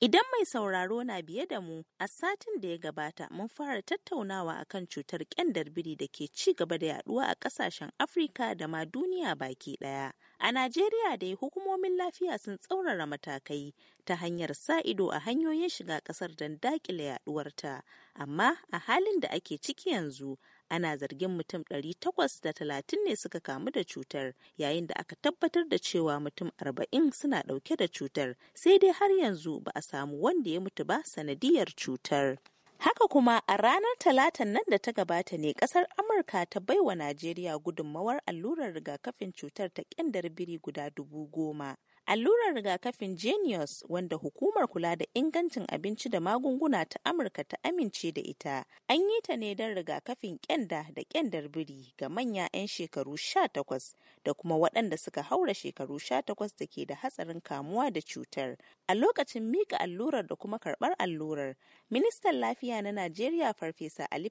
Idan mai sauraro na biye da mu, a satin da ya gabata mun fara tattaunawa akan cutar kyandar biri da ke ci gaba da yaduwa a kasashen Afrika da ma duniya baki daya. A Najeriya dai hukumomin lafiya sun tsaurara matakai ta hanyar sa ido a hanyoyin shiga kasar don dakile yaduwarta. Amma a halin da ake ciki yanzu, ana zargin mutum 830 ne suka kamu da cutar yayin da aka tabbatar da cewa mutum 40 suna ɗauke da cutar sai dai har yanzu ba a samu wanda ya mutu ba sanadiyar cutar. Haka kuma a ranar talatan nan da ta gabata ne kasar Amurka ta baiwa Najeriya gudunmawar allurar rigakafin cutar ta kyandar biri guda dubu goma. Allurar rigakafin Genius wanda hukumar kula da ingancin abinci da magunguna ta Amurka ta amince da ita, an yi ta ne don rigakafin kyanda da kyandar biri ga manya 'yan shekaru sha takwas da kuma waɗanda suka haura shekaru sha takwas da ke da hatsarin kamuwa da cutar. A lokacin mika allurar da kuma karɓar allurar, ministan lafiya na Najeriya Farfesa Ali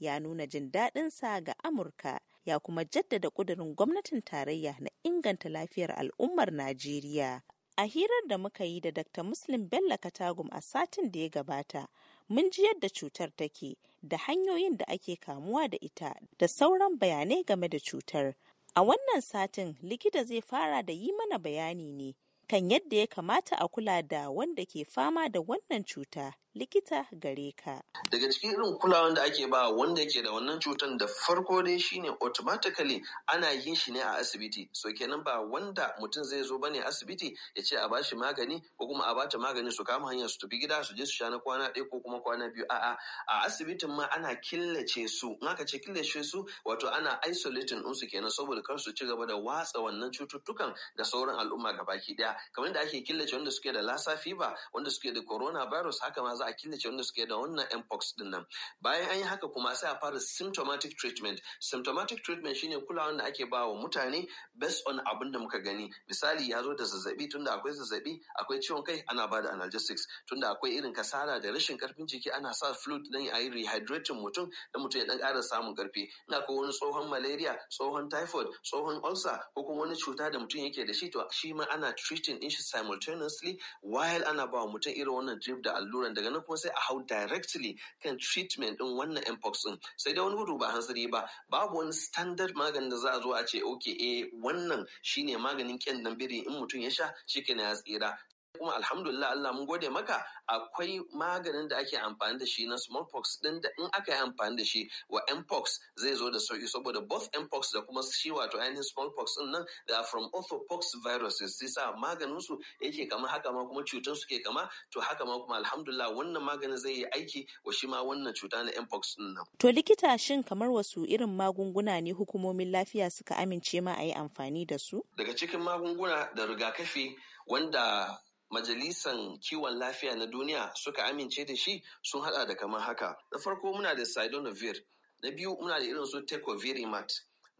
ya nuna jin daɗinsa ga Amurka ya kuma jaddada ƙudurin gwamnatin tarayya na inganta lafiyar al'ummar Najeriya. A hirar da muka yi da Dr. Muslim Bello Katagum a satin da ya gabata, mun ji yadda cutar take da hanyoyin da ake kamuwa da ita da sauran bayanai game da cutar. A wannan satin likita zai fara da yi mana bayani ne kan yadda ya kamata a kula da wanda ke fama da wannan cuta likita gare ka. Daga cikin irin kulawan da ake ba wanda yake da wannan cutar da farko dai shine automatically ana yin shi ne a asibiti. So kenan ba wanda mutum zai zo bane asibiti ya ce a bashi magani ko kuma a bata magani su kama hanyar su tafi gida su je su sha na kwana ɗaya ko kuma kwana biyu a'a a asibitin ma ana killace su in aka ce killace su wato ana isolating ɗinsu kenan saboda kar su ci gaba da watsa wannan cututtukan da sauran al'umma gabaki ɗaya kamar da ake killace wanda suke da lassa fever wanda suke da coronavirus haka ma za a killace wanda suke da wannan mpox din nan bayan an yi haka kuma sai a fara symptomatic treatment symptomatic treatment shine kulawan da ake bawa mutane based on abin da muka gani misali ya zo da zazzabi tunda akwai zazzabi akwai ciwon kai ana ba da analgesics tunda akwai irin kasala da rashin karfin jiki ana sa fluid dan ya yi rehydrating mutum da mutum ya dan ƙara samun karfi ina ko wani tsohon malaria tsohon typhoid tsohon ulcer ko kuma wani cuta da mutum yake da shi to shi ma ana treating din shi simultaneously while ana bawa mutum irin wannan drip da alluran daga kuma sai a hau directly kan treatment din wannan mpox din sai dai wani gudu ba hansari ba babu wani standard maganin da za a zo a ce okay eh wannan shine maganin kyan biri in mutum ya sha shi ya tsira kuma alhamdulillah Allah mun gode maka akwai maganin da ake amfani da shi na smallpox din da in aka yi amfani da shi wa mpox zai zo da sauki saboda both mpox da kuma shi wato ainihin smallpox din nan da from orthopox viruses sai sa maganin su yake kama haka ma kuma cutar su ke kama to haka ma kuma alhamdulillah wannan maganin zai yi aiki wa shi ma wannan cuta na mpox din nan to likita shin kamar wasu irin magunguna ne hukumomin lafiya suka amince ma a yi amfani da su daga cikin magunguna da rigakafi wanda Majalisan Kiwon Lafiya na Duniya suka amince da shi sun hada da kamar haka. Na farko muna da Sidonavir, na biyu muna da irin su Tecovirimat,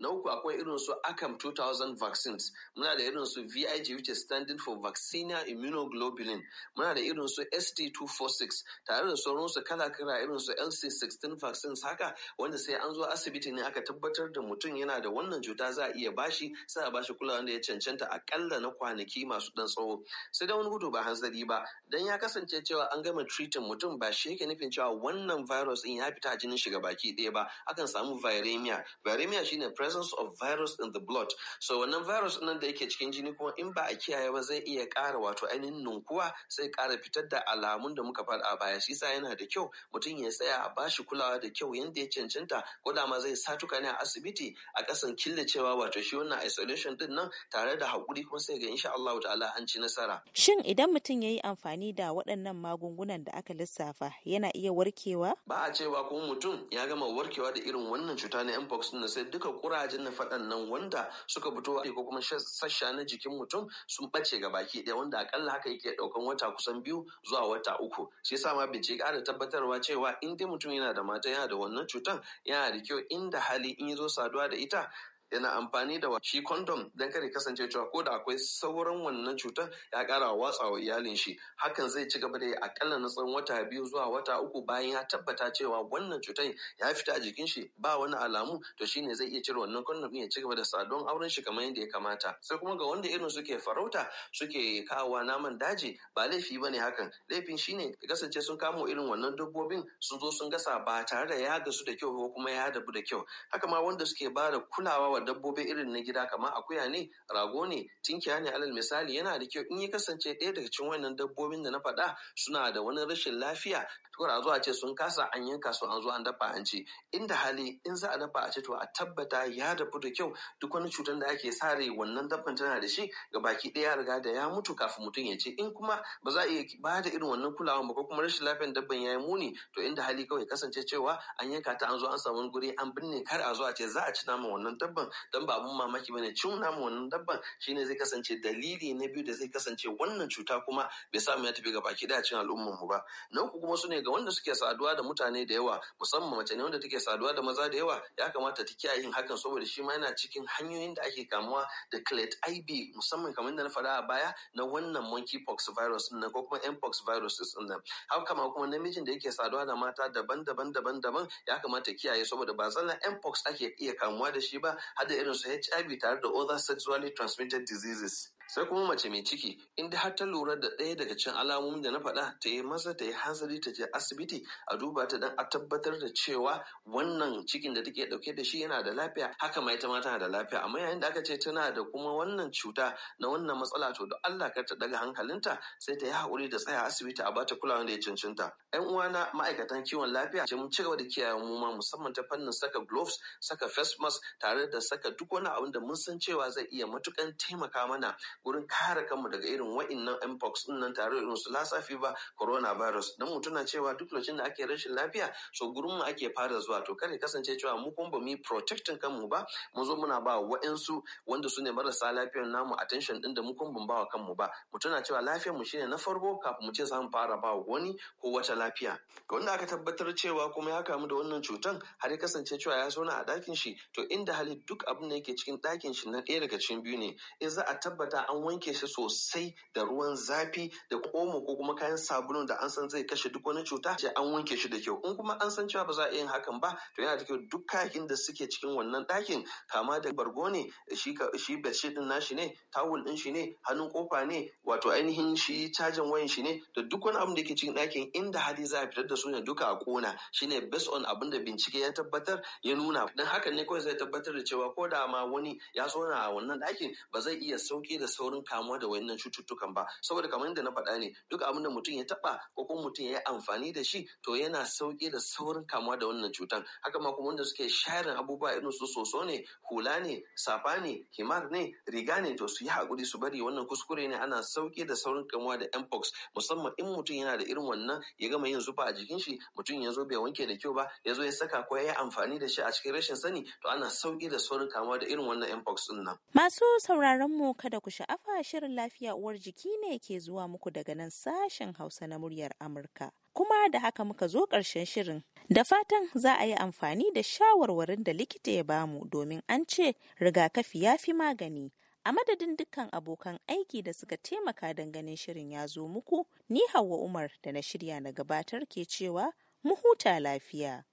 Na uku akwai irin su ACAM 2000 vaccines, muna da irin su VIG which is standing for Vaccina Immunoglobulin, muna da irin su ST246 tare da sauransu kala-kala irin su LC16 vaccines haka wanda sai an zo asibiti ne aka tabbatar da mutum yana da wannan cuta za a iya bashi sai a bashi kulawa da ya cancanta akalla na kwanaki masu dan tsawo. Sai da wani gudu ba hanzari ba, dan ya kasance cewa an gama treating mutum ba shi yake nufin cewa wannan virus din ya fita jinin shiga baki ɗaya ba, akan samu viremia. Viremia shine presence of virus in the blood so wannan virus nan da yake cikin jini kuma in ba a kiyaye ba zai iya ƙara wato ainihin nunkuwa sai ƙara fitar da alamun da muka faɗa a baya shi sa yana da kyau mutum ya tsaya a bashi kulawa da kyau yanda ya cancanta ko da ma zai satuka ne a asibiti a ƙasan killacewa wato shi wannan isolation din nan tare da haƙuri kuma sai ga insha Allah ta'ala an ci nasara shin idan mutum ya yi amfani da waɗannan magungunan da aka lissafa yana iya warkewa ba a cewa kuma mutum ya gama warkewa da irin wannan cuta na mpox din sai duka kura mazajen na faɗan nan wanda suka fito ko kuma sassha na jikin mutum sun ɓace ga baki ɗaya wanda akalla haka yake ɗaukan wata kusan biyu zuwa wata uku shi yasa ma bincike ƙara tabbatarwa cewa in dai mutum yana da mata yana da wannan cutan yana da kyau inda hali in ya zo saduwa da ita yana amfani da shi kondom don kare kasance cewa ko da akwai sauran wannan cutar ya kara watsa wa iyalin shi hakan zai ci gaba da yi akalla na tsawon wata biyu zuwa wata uku bayan ya tabbata cewa wannan cutar ya fita a jikin shi ba wani alamu to shine zai iya cire wannan condom ya ci gaba da saduwan auren shi kamar yadda ya kamata sai kuma ga wanda irin suke farauta suke kawo naman daji ba laifi bane hakan laifin shine da kasance sun kamo irin wannan dabbobin sun zo sun gasa ba tare da ya gasu da kyau ko kuma ya dabu da kyau haka ma wanda suke ba da kulawa kiwon dabbobi irin na gida kamar akuya ne rago ne tinkiya ne alal misali yana da kyau in ya kasance ɗaya daga cikin wannan dabbobin da na faɗa suna da wani rashin lafiya tukura zuwa ce sun kasa an yanka su an zo an dafa an ci inda hali in za a dafa a ce to a tabbata ya dafu da kyau duk wani cutar da ake sare wannan dabban tana da shi ga baki ɗaya riga da ya mutu kafin mutum ya ce in kuma ba za a iya ba da irin wannan kulawa ba ko kuma rashin lafiyar dabban ya yi muni to inda hali kawai kasance cewa an yanka ta an zo an samu guri an binne kar a zo ce za a ci naman wannan dabban don ba mun mamaki bane cin namu wannan dabban shine zai kasance dalili na biyu da zai kasance wannan cuta kuma bai sa mu ya tafi gaba baki da cin al'umman mu ba na uku kuma su ne ga wanda suke saduwa da mutane da yawa musamman mace ne wanda take saduwa da maza da yawa ya kamata ta kiyaye yin hakan saboda shi ma yana cikin hanyoyin da ake kamuwa da clade IB musamman kamar da na faɗa a baya na wannan monkeypox virus din ko kuma mpox virus din nan haka ma kuma namijin da yake saduwa da mata daban-daban daban-daban ya kamata kiyaye saboda ba zalla mpox ake iya kamuwa da shi ba had the lot of HIV and other sexually transmitted diseases. sai kuma mace mai ciki inda har ta lura da ɗaya daga cikin alamomin da na faɗa ta yi masa ta yi hanzari ta je asibiti a duba ta dan a tabbatar da cewa wannan cikin da take ɗauke da shi yana da lafiya haka ma ita ma tana da lafiya amma yayin da aka ce tana da kuma wannan cuta na wannan matsala to da Allah kar ta daga hankalinta sai ta yi haƙuri da tsaya asibiti a bata kulawa da ya cancanta. ‘Yan uwana ma'aikatan kiwon lafiya ce mun ci gaba da kiyaye mu ma musamman ta fannin saka gloves, saka face mask tare da saka duk wani abin da mun san cewa zai iya matukan taimaka mana gurin kare kanmu daga irin wa'innan mpox din nan tare da su lasafi ba corona virus. dan mutum na cewa duk lokacin da ake rashin lafiya so gurin mu ake fara zuwa to kare kasance cewa mu kuma mu yi protecting kanmu ba mu zo muna ba wa'insu wanda su ne marasa lafiyar namu attention din da mu kuma ba wa kanmu ba mu tuna cewa lafiyar mu shine na farko kafin mu ce za mu fara ba wani ko wata lafiya ga wanda aka tabbatar cewa kuma ya kamu da wannan cutan har ya kasance cewa ya na a dakin shi to inda hali duk abin da yake cikin dakin shi na ɗaya daga cikin biyu ne in za a tabbata an wanke shi sosai da ruwan zafi da omo ko kuma kayan sabulun da an san zai kashe duk wani cuta sai an wanke shi da kyau in kuma an san cewa ba za a yin hakan ba to yana da kyau duk kayan da suke cikin wannan ɗakin kama da bargo ne shi shi bedsheet din nashi ne tawul din shi ne hannun kofa ne wato ainihin shi cajin wayan shi ne da duk wani abu da ke cikin ɗakin inda hali za a fitar da su ne duka a kona shine based on abin da bincike ya tabbatar ya nuna dan hakan ne kawai zai tabbatar da cewa ko da ma wani ya zo na wannan ɗakin ba zai iya sauke da saurin kamuwa da wayannan cututtukan ba saboda kamar yadda na faɗa ne duk abin da mutum ya taɓa ko kuma mutum ya yi amfani da shi to yana sauƙi da saurin kamuwa da wannan cutan haka ma kuma wanda suke sharin abubuwa irin su soso ne hula ne safa ne himar ne riga ne to su yi haƙuri su bari wannan kuskure ne ana sauƙi da saurin kamuwa da mpox musamman in mutum yana da irin wannan ya gama yin zufa a jikin shi mutum ya zo bai wanke da kyau ba ya zo ya saka ko ya yi amfani da shi a cikin rashin sani to ana sauƙi da saurin kamuwa da irin wannan mpox din nan. Masu sauraron mu kada ku sha'afa shirin lafiya uwar jiki ne ke zuwa muku daga nan sashen Hausa na muryar Amurka. Kuma da haka muka zo ƙarshen shirin. Da fatan za a yi amfani da shawarwarin da likita ya bamu domin an ce rigakafi ya fi magani. A madadin dukkan abokan aiki da suka taimaka don ganin shirin ya zo muku, ni Hauwa Umar da na shirya na gabatar ke cewa mu huta lafiya.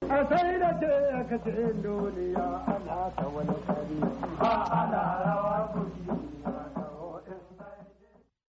ba ana rawa